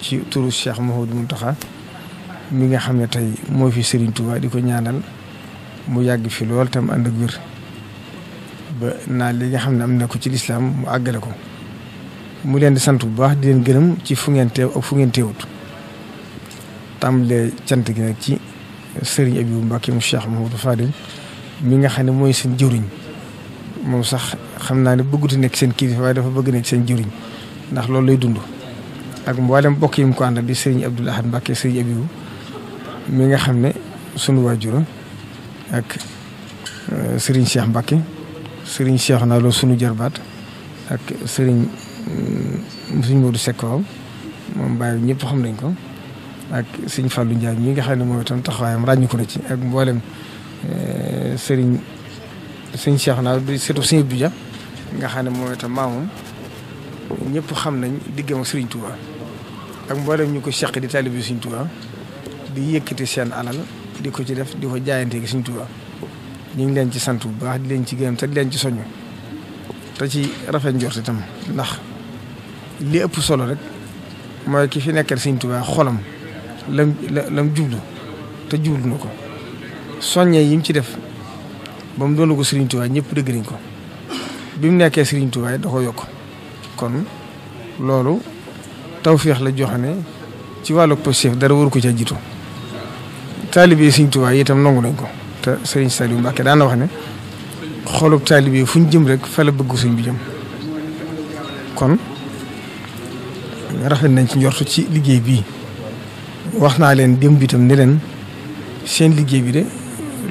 ci turu Cheikh Mouhamadou Mountakha mi nga xam ne tey mooy fi Serigne Touba di ko ñaanal mu yàgg fi lool tam ànd ak wér ba naa li nga xam ne am na ko ci lislaam mu àggale ko mu leen di sant bu baax di leen gërëm ci fu ngeen teew fu ngeen teewut tàmbalee cant gi nag ci Serigne Abibou Mbacke mu Cheikh Mouhamadou Fadil mi nga xam ne mooy seen jëwriñ moom sax xam naa ne bëggutu nekk seen kii waaye dafa bëgg nekk seen jëwriñ ndax loolu lay dund. ak mboolem bokk yi mu ko àndal di sëriñ Abdoul Ahad Mbacke sëriñ Abibu mi nga xam ne sunu waajur ak euh, sëriñ Cheikh Mbacke sëriñ Cheikh naa loolu jarbaat ak sëriñ mm, sëriñ Modou Seck moom bàyyi ñëpp xam nañ ko ak sëriñ Fallou Ndiaye mi nga xam ne mooy itam taxawaayam ràññu na ci ak mboolem euh, sëriñ sëriñ Cheikh naa du surtout sëriñ Abdou nga xam ne mooy itam maamu ñëpp xam nañ diggam ak sëriñ Touba. ak mboolem ñu ko seq di taalibe Sëriñ Tuubaa di yëkkati seen alal di ko ci def di ko jaayante gi Sëriñ Tuubaa ñu ngi leen ci sant bu baax di leen ci gërëm te di leen ci soñu te ci rafet njort itam ndax li ëpp solo rek mooy ki fi nekkal Sëriñ Tuubaa xolam la lam jublu te jublu na ko soññee yi mu ci def ba mu doon ko Sëriñ Tuubaa ñëpp dëgg nañ ko bi mu nekkee Sëriñ Tuubaa da ko yokk kon loolu tawféex la jox ne ci wàllu positif dara waru ko ca jiitu taalibe yi Sëriñ Tuubaa yi itam nangu nañ ko te Sëriñ Saliou Mbacke daan na wax ne xolub taalibe yi fu ñu jëm rek fa la bëgg suñ bi jëm kon rafet nañ ci njortu ci liggéey bi wax naa leen démb itam ne leen seen liggéey bi de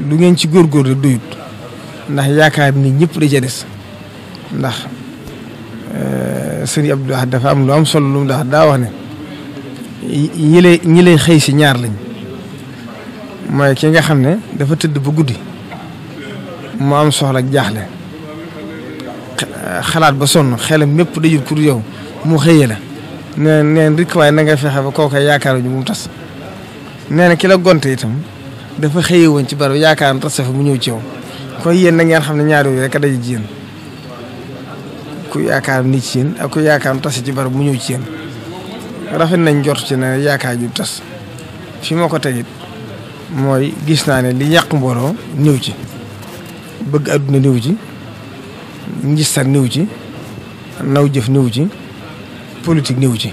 lu ngeen ci góor góor góorgóorlu doyut ndax yaakaar ni ñëpp da ca des ndax. Euh, sëriñ Abdou dafa am lu am solo lu mu daa daa wax ne ñi lay xëy si ñaar lañ mooy ki nga xam ne dafa tëdd bu guddi mu am soxla ak jaaxle xalaat ba sonn xelam mépp dajul pour yow mu xëyee la nee neen rikk waaye na nga fexe ba kooka yaakaar ñu mu tas nee na ki la gonte itam dafa xëyee woon ci barab yaakaar tas fa mu ñëw ci yow kon yéen na ngeen xam ne ñaar yooyu rek a daje ji ku yaakaar ni ci yéen ak ku yaakaar tas ci barab mu ñëw ci yéen rafet nañ jort ci ne yaakaar ju tas fi ma ko tegit mooy gis naa ne li yàq mbooloo ñëw ci bëgg àdduna ñëw ci njistal ñëw ci naw jëf ñëw ci politique ñëw ci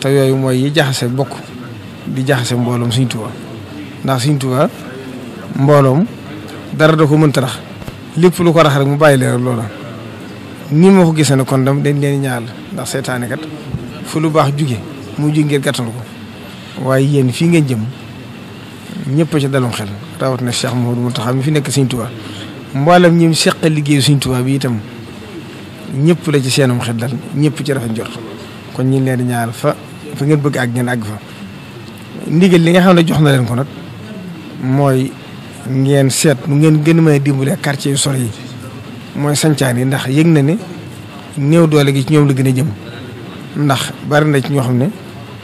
te yooyu mooy yi jaxase bokk di jaxase mbooloom Sëñ Tuubaa ndax Sëñ Tuubaa mbooloom dara da ko mënta rax lépp lu ko rax rek mu bàyyi leer loola nii moo ko gisee ne kon dam dañ leen ñaal ndax seytaane kat fu lu baax juge mu jug ngeen gàttandu ko waaye yéen fii ngeen jëm ñëpp ci dalum xel rawat na Cheikh Mouhamadou Mountakha mi fi nekk Sëriñ Tuubaa mboolem ñim seqa liggéeyu Sëriñ Tuubaa bi itam ñëpp la ci seenum xel dal ñëpp ci rafet jot kon ñi leen di ñaal fa fa ngeen bëgg ak ngeen àgg fa ndigal li nga xam ne jox na leen ko nag mooy ngeen seet nu ngeen gën a mën a dimbalee quartier yu sori yi mooy sancaan yi ndax yëg na ne néew doole gi ci ñoom la gën a jëm ndax bari na ci ñoo xam ne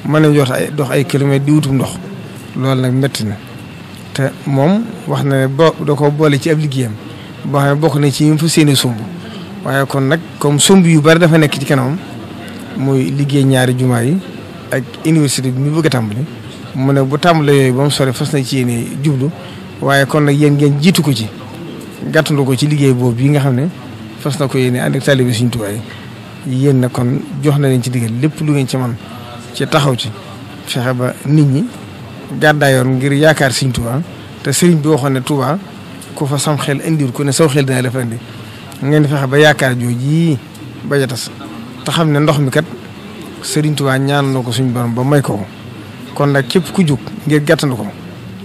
mën nañu jox ay dox ay kilomètres di wutum ndox loolu nag métti na te moom wax na ne bo da ko boole ci ab liggéeyam boo xam ne bokk na ci séene sumb waaye kon nag comme sumb yu bari dafa nekk ci kanamam muy liggéey ñaari jumaa yi ak université bi ñu bëgg a tàmbali mu ne bu tàmbale yooyu ba fas na ci yéene jublu waaye kon nag yéen ngeen jiitu ko ci gàttandu ko ci liggéey boobu bii nga xam ne fas na ko yéene ànd ak taalibe Sëriñ Tuubaa yi yéen na kon jox na leen ci digal lépp lu ngeen ci man ci taxaw ci fexe ba nit ñi gàddaayoon ngir yaakaar Sëriñ Tuubaa te sëriñ bi ne Tuubaa ku fa xel indiwul ku ne saw xel dina la fa indi ngeen fexe ba yaakaar jooju yii ba tas te xam ne ndox mi kat Sëriñ Tuubaa ñaan na ko suñu borom ba may ko kon nag képp ku jóg ngir gàttandu ko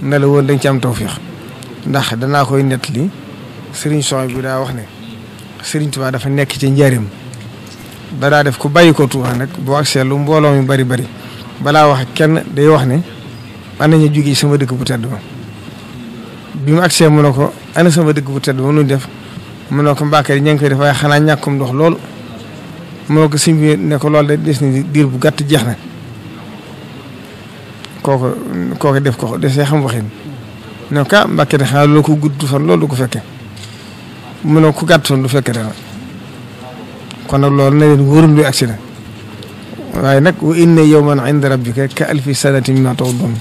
na la woon dañ ci am tawféex ndax danaa koy nettali serigne soy bi da wax ne serigne touba dafa nek ci njaarim da def ku bayiko touba nak bo ak selu mbolo mi bari bari bala wax kenn day wax ne man nañu jugi sama dekk bu tedd bi mu accé mu ne ana sama dekk bu tedd mu def mu nako mbakari ñang koy def waaye xana ñakum dox lool mu ne ko bi ne ko lool de des ni dir bu gatt jeex na koko def ko desee xam waxin noka mbakari ah lu ko guddu fan lool lu ko fekke mu ko ku gàttoon du fekk dara kon nag loolu na leen wóorum du agsi na waaye nag wa inna yawman inda rabbika ka alfi sanatin mimma ta'uddun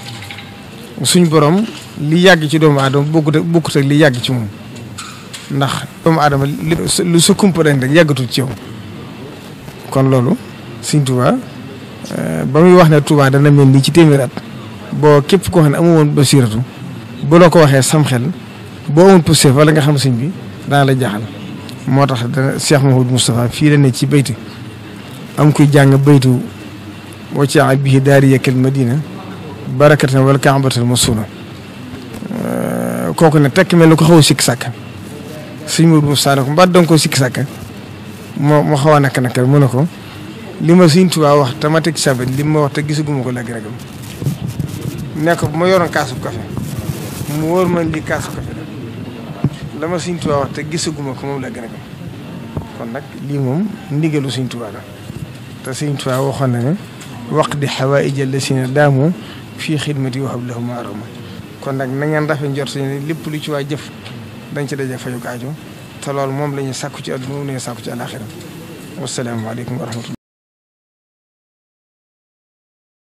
suñ borom li yàgg ci doomu aadama bokkut ak bokkut ak li yàgg ci moom ndax doomu aadama lu su kumpa rek yàggatul ci yow kon loolu Sëñ Tuubaa euh, ba muy wax ne Tuubaa dana mel nii ci téeméer at boo képp koo xam ne amu woon basiratu boo la ko waxee sam xel boo amoon poussé wala nga xam sëñ bi dana la jaaxal moo tax dana Cheikh Mahoud Moustapha fii la ne ci bayti am kuy jàng baytu wa caa bii daari yekkal madina barakatan wala kaabatan masuuna kooku ne tekk mel ni ko xaw a sikki sàkk suñ Mahoud Moustapha ne ko mbaa danga koo sàkk moo moo xaw a nakk nakk mu ne ko li ma Sëñ waa wax te ma teg sabet li ma wax te gisaguma ko la gërëm ne ko bu ma yoroon kaasu kafe mu wóor man lii kaasu kafe la ma Sëñ Tuubaa wax te gisaguma ko moom la gën a gëm kon nag lii moom ndigalu Sëñ Tuubaa la te Sëñ Tuubaa waxoon na ne waq di si lasina daamu fii xidmati wa hab lahum ma kon nag na ngeen rafet njort ne lépp lu ci waa jëf dañ ci daje fayu ko aajo te loolu moom la ñuy sàkku ci àdduna moom la ñuy ci àlaxira wasalaamaaleykum wa rahmatullah